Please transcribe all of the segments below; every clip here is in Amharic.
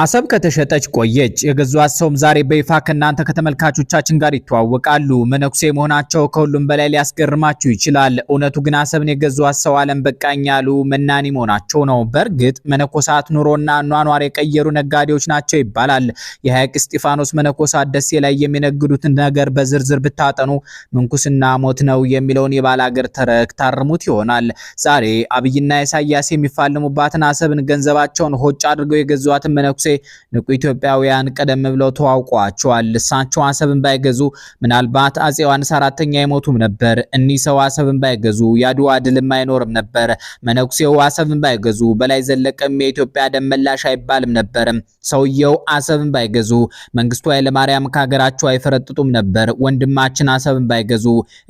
አሰብ ከተሸጠች ቆየች። የገዟት ሰውም ዛሬ በይፋ ከእናንተ ከተመልካቾቻችን ጋር ይተዋወቃሉ። መነኩሴ መሆናቸው ከሁሉም በላይ ሊያስገርማችሁ ይችላል። እውነቱ ግን አሰብን የገዟት ሰው ዓለም በቃኝ ያሉ መናኒ መሆናቸው ነው። በእርግጥ መነኮሳት ኑሮና ኗኗር የቀየሩ ነጋዴዎች ናቸው ይባላል። የሐይቅ እስጢፋኖስ መነኮሳት ደሴ ላይ የሚነግዱትን ነገር በዝርዝር ብታጠኑ ምንኩስና ሞት ነው የሚለውን የባለ አገር ተረክ ታርሙት ይሆናል። ዛሬ አብይና ኢሳያስ የሚፋልሙባትን አሰብን ገንዘባቸውን ሆጭ አድርገው የገዟትን መነኩ ሞሴ ንቁ ኢትዮጵያውያን ቀደም ብለው ተዋውቋቸዋል። እሳቸው አሰብን ባይገዙ ምናልባት አጼ ዮሐንስ አራተኛ አይሞቱም ነበር። እኒህ ሰው አሰብን ባይገዙ የአድዋ ድልም አይኖርም ነበር። መነኩሴው አሰብን ባይገዙ በላይ ዘለቀም የኢትዮጵያ ደም መላሽ አይባልም ነበር። ሰውየው አሰብን ባይገዙ መንግስቱ ኃይለማርያም ከሀገራቸው አይፈረጥጡም ነበር። ወንድማችን አሰብን ባይገዙ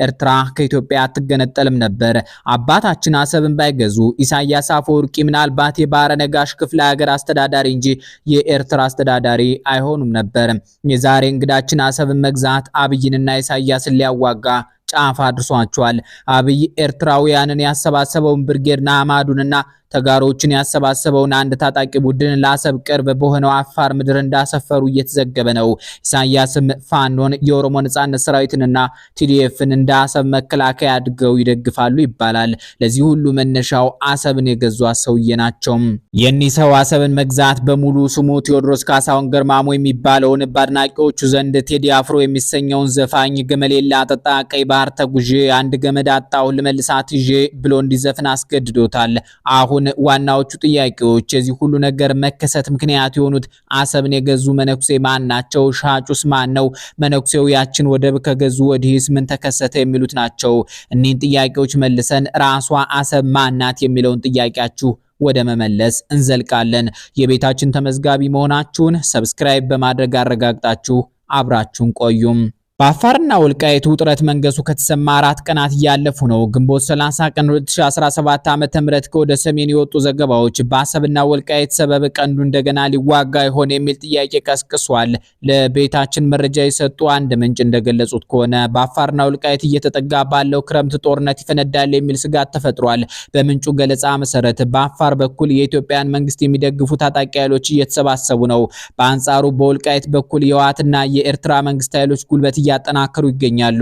ኤርትራ ከኢትዮጵያ አትገነጠልም ነበር። አባታችን አሰብን ባይገዙ ኢሳያስ አፈወርቂ ምናልባት የባህረ ነጋሽ ክፍለ ሀገር አስተዳዳሪ እንጂ የኤርትራ አስተዳዳሪ አይሆኑም ነበር። የዛሬ እንግዳችን አሰብን መግዛት አብይንና ኢሳያስን ሊያዋጋ ጫፍ አድርሷቸዋል። አብይ ኤርትራውያንን ያሰባሰበውን ብርጌድና አማዱንና ተጋሮችን ያሰባሰበውን አንድ ታጣቂ ቡድን ለአሰብ ቅርብ በሆነው አፋር ምድር እንዳሰፈሩ እየተዘገበ ነው። ኢሳያስም ፋኖን የኦሮሞ ነጻነት ሰራዊትንና ቲዲኤፍን እንደ አሰብ መከላከያ አድገው ይደግፋሉ ይባላል። ለዚህ ሁሉ መነሻው አሰብን የገዙ ሰውዬ ናቸው። የኒህ ሰው አሰብን መግዛት በሙሉ ስሙ ቴዎድሮስ ካሳሁን ገርማሞ የሚባለውን በአድናቂዎቹ ዘንድ ቴዲ አፍሮ የሚሰኘውን ዘፋኝ ገመሌላ ጠጣ ቀይ ባህር ተጉዤ አንድ ገመድ አጣሁ ልመልሳት ይዤ ብሎ እንዲዘፍን አስገድዶታል። አሁን አሁን ዋናዎቹ ጥያቄዎች የዚህ ሁሉ ነገር መከሰት ምክንያት የሆኑት አሰብን የገዙ መነኩሴ ማን ናቸው? ሻጩስ ማን ነው? መነኩሴው ያችን ወደብ ከገዙ ወዲህስ ምን ተከሰተ? የሚሉት ናቸው። እኒህን ጥያቄዎች መልሰን ራሷ አሰብ ማን ናት የሚለውን ጥያቄያችሁ ወደ መመለስ እንዘልቃለን። የቤታችን ተመዝጋቢ መሆናችሁን ሰብስክራይብ በማድረግ አረጋግጣችሁ አብራችሁን ቆዩም። በአፋርና ወልቃይት ውጥረት መንገሱ ከተሰማ አራት ቀናት እያለፉ ነው። ግንቦት 30 ቀን 2017 ም ከወደ ሰሜን የወጡ ዘገባዎች በአሰብና ወልቃይት ሰበብ ቀንዱ እንደገና ሊዋጋ ይሆን የሚል ጥያቄ ቀስቅሷል። ለቤታችን መረጃ የሰጡ አንድ ምንጭ እንደገለጹት ከሆነ በአፋርና ወልቃይት እየተጠጋ ባለው ክረምት ጦርነት ይፈነዳል የሚል ስጋት ተፈጥሯል። በምንጩ ገለጻ መሰረት በአፋር በኩል የኢትዮጵያን መንግስት የሚደግፉ ታጣቂ ኃይሎች እየተሰባሰቡ ነው። በአንጻሩ በወልቃይት በኩል የህወሓትና የኤርትራ መንግስት ኃይሎች ጉልበት እያጠናከሩ ይገኛሉ።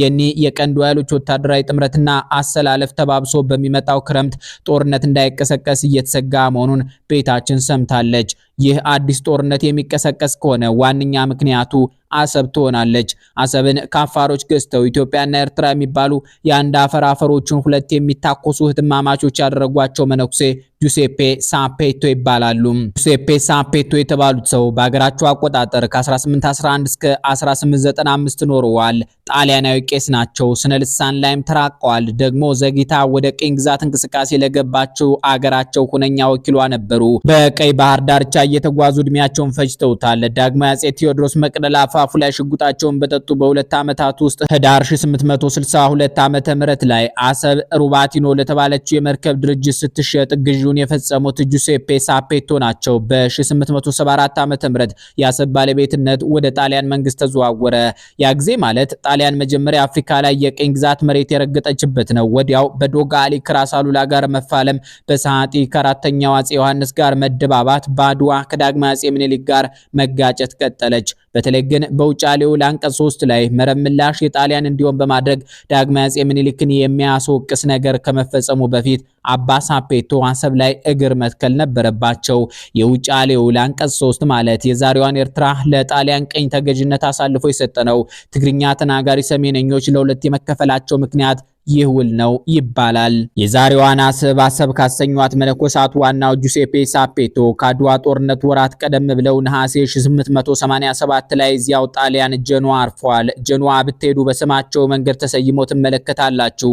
የኔ የቀንዱ ኃይሎች ወታደራዊ ጥምረትና አሰላለፍ ተባብሶ በሚመጣው ክረምት ጦርነት እንዳይቀሰቀስ እየተሰጋ መሆኑን ቤታችን ሰምታለች። ይህ አዲስ ጦርነት የሚቀሰቀስ ከሆነ ዋነኛ ምክንያቱ አሰብ ትሆናለች። አሰብን ከአፋሮች ገዝተው ኢትዮጵያና ኤርትራ የሚባሉ የአንድ አፈር አፈሮቹን ሁለት የሚታኮሱ ህትማማቾች ያደረጓቸው መነኩሴ ጁሴፔ ሳፔቶ ይባላሉ። ጁሴፔ ሳፔቶ የተባሉት ሰው በሀገራቸው አቆጣጠር ከ1811 እስከ 1895 ኖረዋል። ጣሊያናዊ ቄስ ናቸው። ስነ ልሳን ላይም ተራቀዋል። ደግሞ ዘግይታ ወደ ቅኝ ግዛት እንቅስቃሴ ለገባቸው አገራቸው ሁነኛ ወኪሏ ነበሩ። በቀይ ባህር ዳርቻ ላይ የተጓዙ እድሜያቸውን ፈጅተውታል። ዳግማዊ አጼ ቴዎድሮስ መቅደላ አፋፉ ላይ ሽጉጣቸውን በጠጡ በሁለት ዓመታት ውስጥ ህዳር 862 ዓመተ ምህረት ላይ አሰብ ሩባቲኖ ለተባለችው የመርከብ ድርጅት ስትሸጥ ግዢውን የፈጸሙት ጁሴፔ ሳፔቶ ናቸው። በሺ874 ዓመተ ምህረት የአሰብ ባለቤትነት ወደ ጣሊያን መንግስት ተዘዋወረ። ያ ጊዜ ማለት ጣሊያን መጀመሪያ አፍሪካ ላይ የቅኝ ግዛት መሬት የረገጠችበት ነው። ወዲያው በዶጋ ከራስ አሉላ ጋር መፋለም፣ በሰዓጢ ከአራተኛው አጼ ዮሐንስ ጋር መደባባት፣ ባድዋ ከዳግማዊ አጼ ምኒልክ ጋር መጋጨት ቀጠለች። በተለይ ግን በውጫሌው ለአንቀጽ ሶስት ላይ መረብ ምላሽ የጣሊያን እንዲሆን በማድረግ ዳግማዊ አጼ ምኒልክን የሚያስወቅስ ነገር ከመፈጸሙ በፊት አባ ሳፔቶ አሰብ ላይ እግር መትከል ነበረባቸው። የውጫሌው ለአንቀጽ ሶስት ማለት የዛሬዋን ኤርትራ ለጣሊያን ቀኝ ተገዥነት አሳልፎ የሰጠ ነው። ትግርኛ ተናጋሪ ሰሜነኞች ለሁለት የመከፈላቸው ምክንያት ይህ ውል ነው ይባላል። የዛሬዋን አሰብ አሰብ ካሰኟት መነኮሳት ዋናው ጁሴፔ ሳፔቶ ከአድዋ ጦርነት ወራት ቀደም ብለው ነሐሴ 1887 2014 ላይ እዚያው ጣሊያን ጀኗ አርፏል። ጀኗ ብትሄዱ በስማቸው መንገድ ተሰይሞ ትመለከታላችሁ።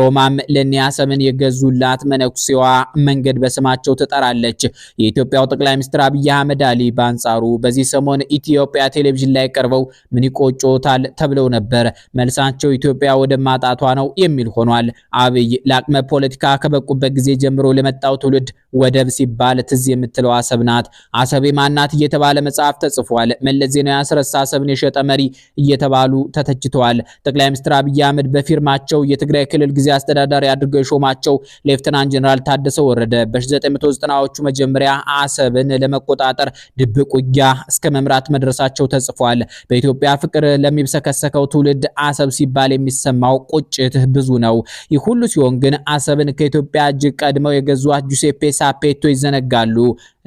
ሮማም ለኒያሰምን የገዙላት መነኩሴዋ መንገድ በስማቸው ትጠራለች። የኢትዮጵያው ጠቅላይ ሚኒስትር አብይ አህመድ አሊ በአንጻሩ በዚህ ሰሞን ኢትዮጵያ ቴሌቪዥን ላይ ቀርበው ምን ይቆጮታል ተብለው ነበር። መልሳቸው ኢትዮጵያ ወደ ማጣቷ ነው የሚል ሆኗል። አብይ ለአቅመ ፖለቲካ ከበቁበት ጊዜ ጀምሮ ለመጣው ትውልድ ወደብ ሲባል ትዝ የምትለው አሰብ ናት። አሰብ ማናት እየተባለ መጽሐፍ ተጽፏል። መለስ ዜናዊ አስረስ አሰብን የሸጠ መሪ እየተባሉ ተተችተዋል። ጠቅላይ ሚኒስትር አብይ አህመድ በፊርማቸው የትግራይ ክልል ጊዜ አስተዳዳሪ አድርገው የሾማቸው ሌፍትናንት ጀኔራል ታደሰ ወረደ በ1990ዎቹ መጀመሪያ አሰብን ለመቆጣጠር ድብቅ ውጊያ እስከ መምራት መድረሳቸው ተጽፏል። በኢትዮጵያ ፍቅር ለሚብሰከሰከው ትውልድ አሰብ ሲባል የሚሰማው ቁጭት ብዙ ነው። ይህ ሁሉ ሲሆን ግን አሰብን ከኢትዮጵያ እጅግ ቀድመው የገዟት ጁሴፔ ሳፔቶ ይዘነጋሉ።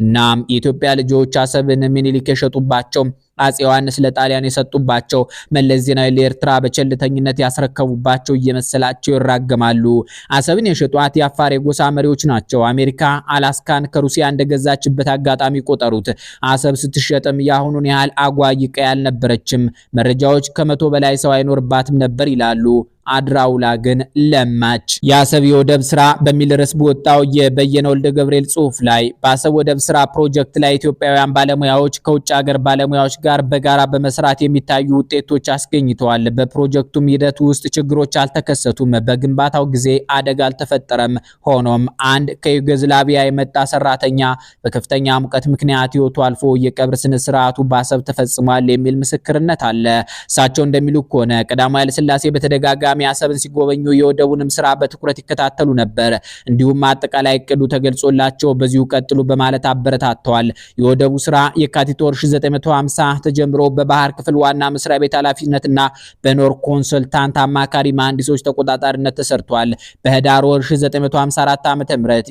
እናም የኢትዮጵያ ልጆች አሰብን ምኒልክ የሸጡባቸው አጼ ዮሐንስ ለጣሊያን የሰጡባቸው መለስ ዜናዊ ለኤርትራ በቸልተኝነት ያስረከቡባቸው እየመሰላቸው ይራገማሉ። አሰብን የሸጧት የአፋር የጎሳ መሪዎች ናቸው። አሜሪካ አላስካን ከሩሲያ እንደገዛችበት አጋጣሚ ቆጠሩት። አሰብ ስትሸጥም የአሁኑን ያህል አጓጊ ያልነበረችም። መረጃዎች ከመቶ በላይ ሰው አይኖርባትም ነበር ይላሉ። አድራውላ ግን ለማች። የአሰብ የወደብ ስራ በሚል ርዕስ በወጣው የበየነ ወልደ ገብርኤል ጽሁፍ ላይ በአሰብ ወደብ ስራ ፕሮጀክት ላይ ኢትዮጵያውያን ባለሙያዎች ከውጭ ሀገር ባለሙያዎች ጋር በጋራ በመስራት የሚታዩ ውጤቶች አስገኝተዋል። በፕሮጀክቱም ሂደት ውስጥ ችግሮች አልተከሰቱም። በግንባታው ጊዜ አደጋ አልተፈጠረም። ሆኖም አንድ ከዩጎዝላቪያ የመጣ ሰራተኛ በከፍተኛ ሙቀት ምክንያት ህይወቱ አልፎ የቀብር ስነ ስርዓቱ በአሰብ ተፈጽሟል የሚል ምስክርነት አለ። እሳቸው እንደሚሉ ከሆነ ቀዳማዊ ስላሴ በተደጋጋሚ በተደጋጋሚ አሰብን ሲጎበኙ የወደቡንም ስራ በትኩረት ይከታተሉ ነበር። እንዲሁም አጠቃላይ እቅዱ ተገልጾላቸው በዚሁ ቀጥሉ በማለት አበረታተዋል። የወደቡ ስራ የካቲት ወር 1950 ተጀምሮ በባህር ክፍል ዋና መስሪያ ቤት ኃላፊነትና በኖር ኮንሰልታንት አማካሪ መሐንዲሶች ተቆጣጣሪነት ተሰርቷል። በህዳር ወር 1954 ዓ.ም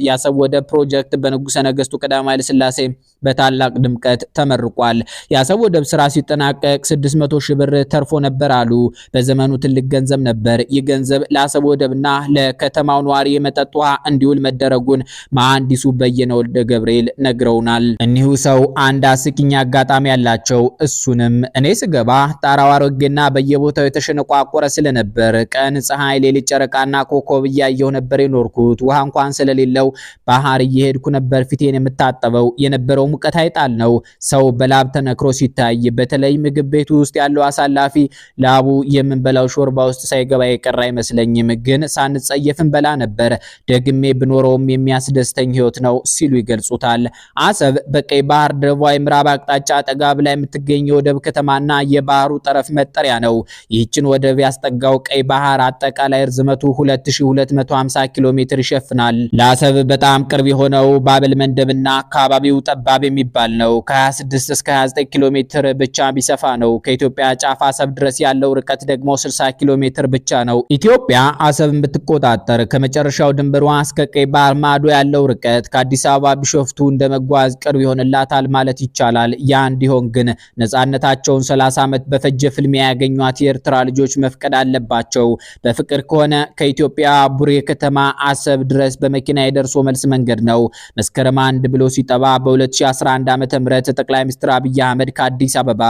የአሰብ ወደብ ፕሮጀክት በንጉሰ ነገስቱ ቀዳማዊ ኃይለስላሴ በታላቅ ድምቀት ተመርቋል። የአሰብ ወደብ ስራ ሲጠናቀቅ 600 ሺህ ብር ተርፎ ነበር አሉ። በዘመኑ ትልቅ ገንዘብ ነበር። ነበር። ይህ ገንዘብ ለአሰብ ወደብና ለከተማው ነዋሪ የመጠጥ ውሃ እንዲውል መደረጉን መሐንዲሱ በየነ ወልደ ገብርኤል ነግረውናል። እኒሁ ሰው አንድ አስቂኝ አጋጣሚ ያላቸው እሱንም እኔ ስገባ ጣራው አሮጌና በየቦታው የተሸነቋቆረ ስለነበር ቀን ፀሐይ፣ ሌሊት ጨረቃና ኮከብ እያየሁ ነበር የኖርኩት። ውሃ እንኳን ስለሌለው ባህር እየሄድኩ ነበር ፊቴን የምታጠበው። የነበረው ሙቀት አይጣል ነው። ሰው በላብ ተነክሮ ሲታይ በተለይ ምግብ ቤቱ ውስጥ ያለው አሳላፊ ላቡ የምንበላው ሾርባ ውስጥ ሳይገባ ሳልገባ የቀረ አይመስለኝም፣ ግን ሳንጸየፍን በላ ነበር። ደግሜ ብኖረውም የሚያስደስተኝ ህይወት ነው ሲሉ ይገልጹታል። አሰብ በቀይ ባህር ደቡባዊ ምዕራብ አቅጣጫ አጠገብ ላይ የምትገኝ የወደብ ከተማና የባህሩ ጠረፍ መጠሪያ ነው። ይህችን ወደብ ያስጠጋው ቀይ ባህር አጠቃላይ ርዝመቱ 2250 ኪሎ ሜትር ይሸፍናል። ለአሰብ በጣም ቅርብ የሆነው ባብል መንደብና አካባቢው ጠባብ የሚባል ነው። ከ26 እስከ 29 ኪሎ ሜትር ብቻ ቢሰፋ ነው። ከኢትዮጵያ ጫፍ አሰብ ድረስ ያለው ርቀት ደግሞ 60 ኪሎ ሜትር ብቻ ብቻ ነው። ኢትዮጵያ አሰብ ብትቆጣጠር ከመጨረሻው ድንበሯ እስከ ቀይ ባህር ማዶ ያለው ርቀት ከአዲስ አበባ ቢሾፍቱ እንደመጓዝ ቅርብ ይሆንላታል ማለት ይቻላል። ያ እንዲሆን ግን ነጻነታቸውን 30 ዓመት በፈጀ ፍልሚያ ያገኟት የኤርትራ ልጆች መፍቀድ አለባቸው። በፍቅር ከሆነ ከኢትዮጵያ ቡሬ ከተማ አሰብ ድረስ በመኪና የደርሶ መልስ መንገድ ነው። መስከረም አንድ ብሎ ሲጠባ በ2011 ዓ.ም ጠቅላይ ሚኒስትር አብይ አህመድ ከአዲስ አበባ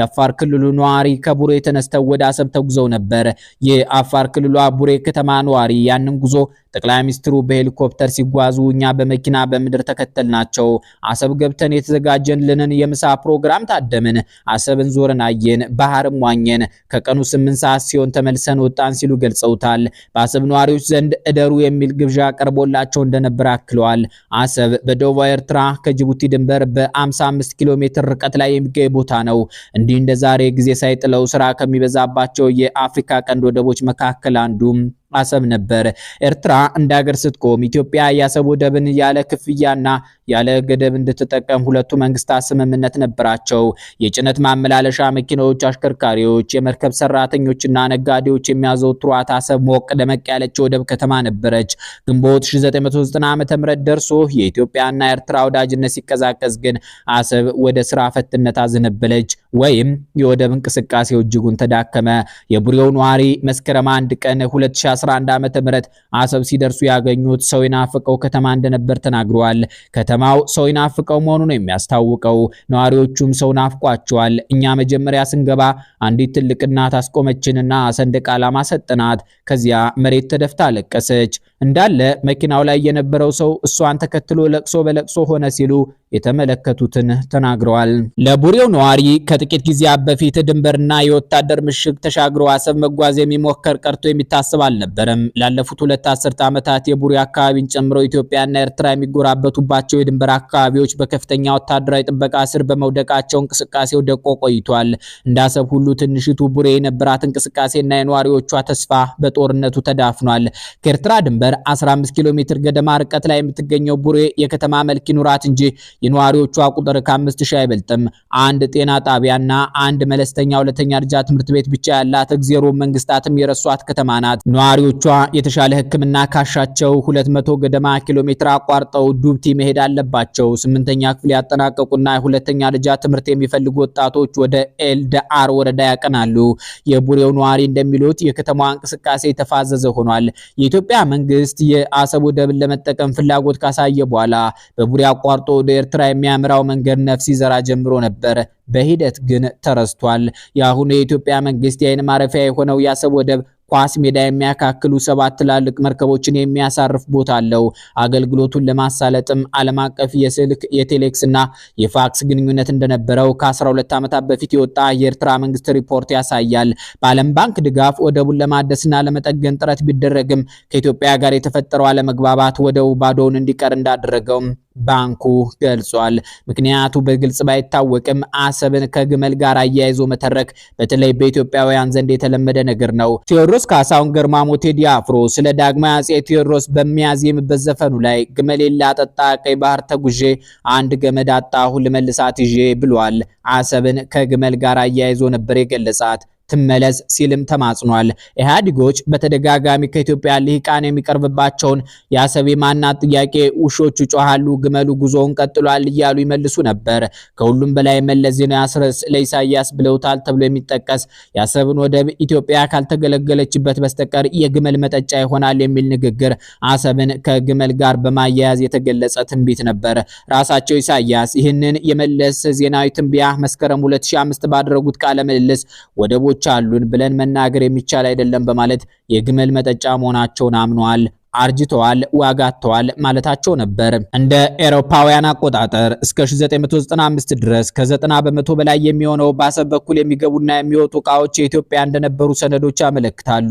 የአፋር ክልሉ ነዋሪ ከቡሬ ተነስተው ወደ አሰብ ተጉዘው ነበር። ይህ የአፋር ክልሏ ቡሬ ከተማ ነዋሪ ያንን ጉዞ ጠቅላይ ሚኒስትሩ በሄሊኮፕተር ሲጓዙ እኛ በመኪና በምድር ተከተል ናቸው። አሰብ ገብተን የተዘጋጀልንን የምሳ ፕሮግራም ታደምን። አሰብን ዞረን አየን፣ ባህርም ዋኘን። ከቀኑ ስምንት ሰዓት ሲሆን ተመልሰን ወጣን ሲሉ ገልጸውታል። በአሰብ ነዋሪዎች ዘንድ እደሩ የሚል ግብዣ ቀርቦላቸው እንደነበር አክለዋል። አሰብ በደቡብ ኤርትራ ከጅቡቲ ድንበር በ55 ኪሎ ሜትር ርቀት ላይ የሚገኝ ቦታ ነው። እንዲህ እንደዛሬ ጊዜ ሳይጥለው ስራ ከሚበዛባቸው የአፍሪካ ቀንድ ወደቦች መካከል አንዱም አሰብ ነበር። ኤርትራ እንደ ሀገር ስትቆም ኢትዮጵያ የአሰብ ወደብን ያለ ክፍያና ያለ ገደብ እንድትጠቀም ሁለቱ መንግስታት ስምምነት ነበራቸው። የጭነት ማመላለሻ መኪናዎች፣ አሽከርካሪዎች፣ የመርከብ ሰራተኞችና ነጋዴዎች የሚያዘወትሯት አሰብ ሞቅ ደመቅ ያለች ወደብ ከተማ ነበረች። ግንቦት 1990 ዓ.ም ደርሶ የኢትዮጵያና ኤርትራ ወዳጅነት ሲቀዛቀዝ ግን አሰብ ወደ ስራ ፈትነት አዘነበለች ወይም የወደብ እንቅስቃሴው እጅጉን ተዳከመ። የቡሬው ነዋሪ መስከረም 1 ቀን 2010 2011 ዓመተ ምህረት አሰብ ሲደርሱ ያገኙት ሰው የናፈቀው ከተማ እንደነበር ተናግረዋል። ከተማው ሰው የናፈቀው መሆኑ ነው የሚያስታውቀው። ነዋሪዎቹም ሰው ናፍቋቸዋል። እኛ መጀመሪያ ስንገባ አንዲት ትልቅ እናት አስቆመችንና ሰንደቅ ዓላማ ሰጠናት። ከዚያ መሬት ተደፍታ አለቀሰች። እንዳለ መኪናው ላይ የነበረው ሰው እሷን ተከትሎ ለቅሶ በለቅሶ ሆነ ሲሉ የተመለከቱትን ተናግረዋል። ለቡሬው ነዋሪ ከጥቂት ጊዜያት በፊት ድንበርና የወታደር ምሽግ ተሻግሮ አሰብ መጓዝ የሚሞከር ቀርቶ የሚታስብ አልነበር። አልነበረም። ላለፉት ሁለት አስርተ ዓመታት የቡሬ አካባቢን ጨምሮ ኢትዮጵያና ኤርትራ የሚጎራበቱባቸው የድንበር አካባቢዎች በከፍተኛ ወታደራዊ ጥበቃ ስር በመውደቃቸው እንቅስቃሴው ደቆ ቆይቷል። እንዳሰብ ሁሉ ትንሽቱ ቡሬ የነበራት እንቅስቃሴና የነዋሪዎቿ ተስፋ በጦርነቱ ተዳፍኗል። ከኤርትራ ድንበር 15 ኪሎ ሜትር ገደማ ርቀት ላይ የምትገኘው ቡሬ የከተማ መልክ ይኑራት እንጂ የነዋሪዎቿ ቁጥር ከአምስት 5000 አይበልጥም። አንድ ጤና ጣቢያና አንድ መለስተኛ ሁለተኛ ደረጃ ትምህርት ቤት ብቻ ያላት እግዜሮ መንግስታትም የረሷት ከተማ ናት። ነዋሪዎቿ የተሻለ ሕክምና ካሻቸው 200 ገደማ ኪሎ ሜትር አቋርጠው ዱብቲ መሄድ አለባቸው። ስምንተኛ ክፍል ያጠናቀቁና የሁለተኛ ደረጃ ትምህርት የሚፈልጉ ወጣቶች ወደ ኤልደአር ወረዳ ያቀናሉ። የቡሬው ነዋሪ እንደሚሉት የከተማዋ እንቅስቃሴ የተፋዘዘ ሆኗል። የኢትዮጵያ መንግስት የአሰብ ወደብን ለመጠቀም ፍላጎት ካሳየ በኋላ በቡሬ አቋርጦ ወደ ኤርትራ የሚያምራው መንገድ ነፍስ ይዘራ ጀምሮ ነበር። በሂደት ግን ተረስቷል። የአሁኑ የኢትዮጵያ መንግስት የአይን ማረፊያ የሆነው የአሰብ ወደብ ኳስ ሜዳ የሚያካክሉ ሰባት ትላልቅ መርከቦችን የሚያሳርፍ ቦታ አለው። አገልግሎቱን ለማሳለጥም ዓለም አቀፍ የስልክ የቴሌክስ እና የፋክስ ግንኙነት እንደነበረው ከ12 ዓመታት በፊት የወጣ የኤርትራ መንግስት ሪፖርት ያሳያል። በዓለም ባንክ ድጋፍ ወደቡን ለማደስና ለመጠገን ጥረት ቢደረግም ከኢትዮጵያ ጋር የተፈጠረው አለመግባባት ወደቡ ባዶውን እንዲቀር እንዳደረገውም ባንኩ ገልጿል። ምክንያቱ በግልጽ ባይታወቅም አሰብን ከግመል ጋር አያይዞ መተረክ በተለይ በኢትዮጵያውያን ዘንድ የተለመደ ነገር ነው። ቴዎድሮስ ካሳሁን ገርማ ሞቴ አፍሮ ስለ ዳግማዊ አጼ ቴዎድሮስ በሚያዜምበት ዘፈኑ ላይ ግመሌን ላጠጣ ቀይ ባህር ተጉዤ አንድ ገመድ አጣሁ ልመልሳት ይዤ ብሏል። አሰብን ከግመል ጋር አያይዞ ነበር የገለጻት። ትመለስ ሲልም ተማጽኗል። ኢህአዴጎች በተደጋጋሚ ከኢትዮጵያ ልሂቃን የሚቀርብባቸውን የአሰብ ማናት ጥያቄ ውሾቹ ጮሃሉ፣ ግመሉ ጉዞውን ቀጥሏል እያሉ ይመልሱ ነበር። ከሁሉም በላይ መለስ ዜናዊ አስረስ ለኢሳያስ ብለውታል ተብሎ የሚጠቀስ የአሰብን ወደብ ኢትዮጵያ ካልተገለገለችበት በስተቀር የግመል መጠጫ ይሆናል የሚል ንግግር አሰብን ከግመል ጋር በማያያዝ የተገለጸ ትንቢት ነበር። ራሳቸው ኢሳያስ ይህንን የመለስ ዜናዊ ትንቢያ መስከረም 2005 ባደረጉት ቃለ ምልልስ ወደቦ ሰዎች አሉን ብለን መናገር የሚቻል አይደለም በማለት የግመል መጠጫ መሆናቸውን አምነዋል። አርጅተዋል፣ ዋጋ አጥተዋል ማለታቸው ነበር። እንደ ኤሮፓውያን አቆጣጠር እስከ 1995 ድረስ ከ90 በመቶ በላይ የሚሆነው በአሰብ በኩል የሚገቡና የሚወጡ እቃዎች የኢትዮጵያ እንደነበሩ ሰነዶች ያመለክታሉ።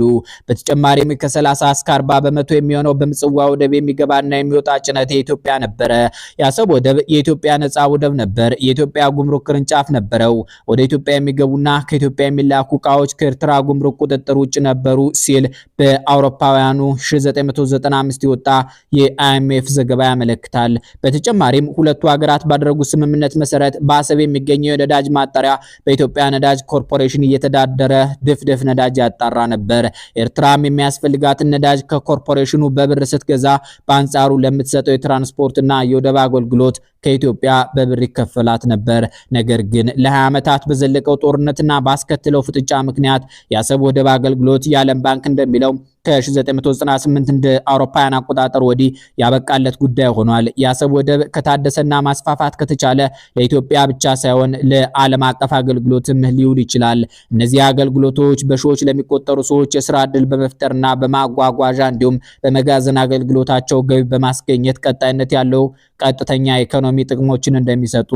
በተጨማሪም ከ30 እስከ 40 በመቶ የሚሆነው በምጽዋ ወደብ የሚገባና የሚወጣ ጭነት የኢትዮጵያ ነበረ። የአሰብ ወደብ የኢትዮጵያ ነጻ ወደብ ነበር። የኢትዮጵያ ጉምሩክ ቅርንጫፍ ነበረው። ወደ ኢትዮጵያ የሚገቡና ከኢትዮጵያ የሚላኩ እቃዎች ከኤርትራ ጉምሩክ ቁጥጥር ውጭ ነበሩ ሲል በአውሮፓውያኑ 1995 የወጣ የአይኤምኤፍ ዘገባ ያመለክታል። በተጨማሪም ሁለቱ ሀገራት ባደረጉት ስምምነት መሰረት በአሰብ የሚገኘው የነዳጅ ማጣሪያ በኢትዮጵያ ነዳጅ ኮርፖሬሽን እየተዳደረ ድፍድፍ ነዳጅ ያጣራ ነበር። ኤርትራም የሚያስፈልጋትን ነዳጅ ከኮርፖሬሽኑ በብር ስትገዛ፣ በአንጻሩ ለምትሰጠው የትራንስፖርትና የወደብ አገልግሎት ከኢትዮጵያ በብር ይከፈላት ነበር። ነገር ግን ለ20 ዓመታት በዘለቀው ጦርነትና ባስከትለው ፍጥጫ ምክንያት የአሰብ ወደብ አገልግሎት የዓለም ባንክ እንደሚለው ከ1998 እንደ አውሮፓውያን አቆጣጠር ወዲህ ያበቃለት ጉዳይ ሆኗል። የአሰብ ወደብ ከታደሰና ማስፋፋት ከተቻለ ለኢትዮጵያ ብቻ ሳይሆን ለዓለም አቀፍ አገልግሎትም ሊውል ይችላል። እነዚህ አገልግሎቶች በሺዎች ለሚቆጠሩ ሰዎች የስራ ዕድል በመፍጠርና በማጓጓዣ እንዲሁም በመጋዘን አገልግሎታቸው ገቢ በማስገኘት ቀጣይነት ያለው ቀጥተኛ ኢኮኖሚ ኢኮኖሚ ጥቅሞችን እንደሚሰጡ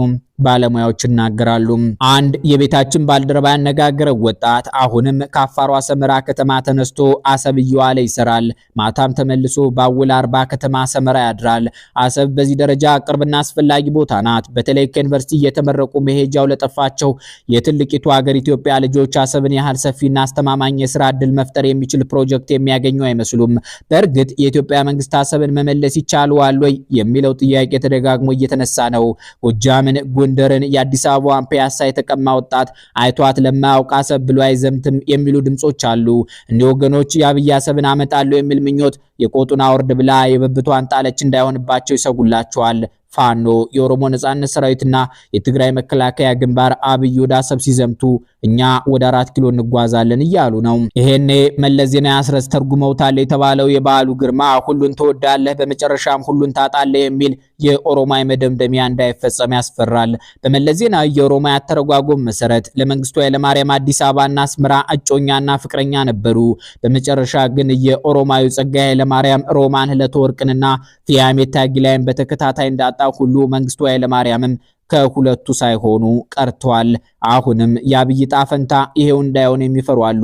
ባለሙያዎች ይናገራሉ። አንድ የቤታችን ባልደረባ ያነጋገረው ወጣት አሁንም ከአፋሯ ሰመራ ከተማ ተነስቶ አሰብ እየዋለ ይሰራል። ማታም ተመልሶ በአውል አርባ ከተማ ሰመራ ያድራል። አሰብ በዚህ ደረጃ ቅርብና አስፈላጊ ቦታ ናት። በተለይ ከዩኒቨርሲቲ እየተመረቁ መሄጃው ለጠፋቸው የትልቂቱ ሀገር ኢትዮጵያ ልጆች አሰብን ያህል ሰፊና አስተማማኝ የስራ እድል መፍጠር የሚችል ፕሮጀክት የሚያገኙ አይመስሉም። በእርግጥ የኢትዮጵያ መንግስት አሰብን መመለስ ይቻላል ወይ የሚለው ጥያቄ ተደጋግሞ እየተነሳ ነው። ጎጃምን ጎንደርን የአዲስ አበባን ፒያሳ የተቀማ ወጣት አይቷት ለማያውቅ አሰብ ብሎ አይዘምትም የሚሉ ድምጾች አሉ። እንዲህ ወገኖች የአብይ አሰብን አመጣለሁ የሚል ምኞት የቆጡን አውርድ ብላ የበብቷን ጣለች እንዳይሆንባቸው ይሰጉላቸዋል። ፋኖ የኦሮሞ ነጻነት ሰራዊትና የትግራይ መከላከያ ግንባር አብይ ወደ አሰብ ሲዘምቱ እኛ ወደ አራት ኪሎ እንጓዛለን እያሉ ነው። ይሄኔ መለስ ዜናዊ አስረስ ተርጉመውታል የተባለው የበዓሉ ግርማ ሁሉን ትወዳለህ በመጨረሻም ሁሉን ታጣለህ የሚል የኦሮማይ መደምደሚያ እንዳይፈጸም ያስፈራል። በመለስ ዜናዊ የኦሮማይ አተረጓጎም መሰረት ለመንግስቱ ኃይለማርያም አዲስ አበባና አስመራ እጮኛና ፍቅረኛ ነበሩ። በመጨረሻ ግን የኦሮማዩ ጸጋዬ ኃይለማርያም ሮማን ህለተወርቅንና ፊያሜታ ጊላይን በተከታታይ እንዳ እንዳጣ ሁሉ መንግስቱ ኃይለማርያምም ከሁለቱ ሳይሆኑ ቀርተዋል። አሁንም የአብይ ጣፈንታ ይሄው እንዳይሆን የሚፈሩ አሉ።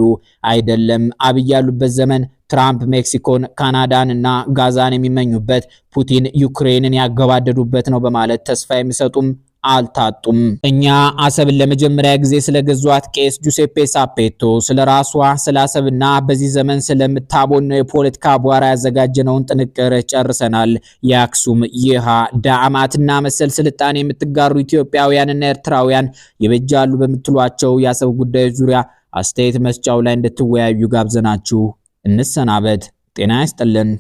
አይደለም አብይ ያሉበት ዘመን ትራምፕ ሜክሲኮን፣ ካናዳን እና ጋዛን የሚመኙበት፣ ፑቲን ዩክሬንን ያገባደዱበት ነው በማለት ተስፋ የሚሰጡም አልታጡም። እኛ አሰብን ለመጀመሪያ ጊዜ ስለገዟት ቄስ ጁሴፔ ሳፔቶ ስለ ራሷ ስለ አሰብና በዚህ ዘመን ስለምታቦነው የፖለቲካ አቧራ ያዘጋጀነውን ጥንቅር ጨርሰናል። የአክሱም ይሃ ዳዕማትና መሰል ስልጣኔ የምትጋሩ ኢትዮጵያውያንና ኤርትራውያን የበጃሉ በምትሏቸው የአሰብ ጉዳዮች ዙሪያ አስተያየት መስጫው ላይ እንድትወያዩ ጋብዘናችሁ እንሰናበት። ጤና ይስጥልን።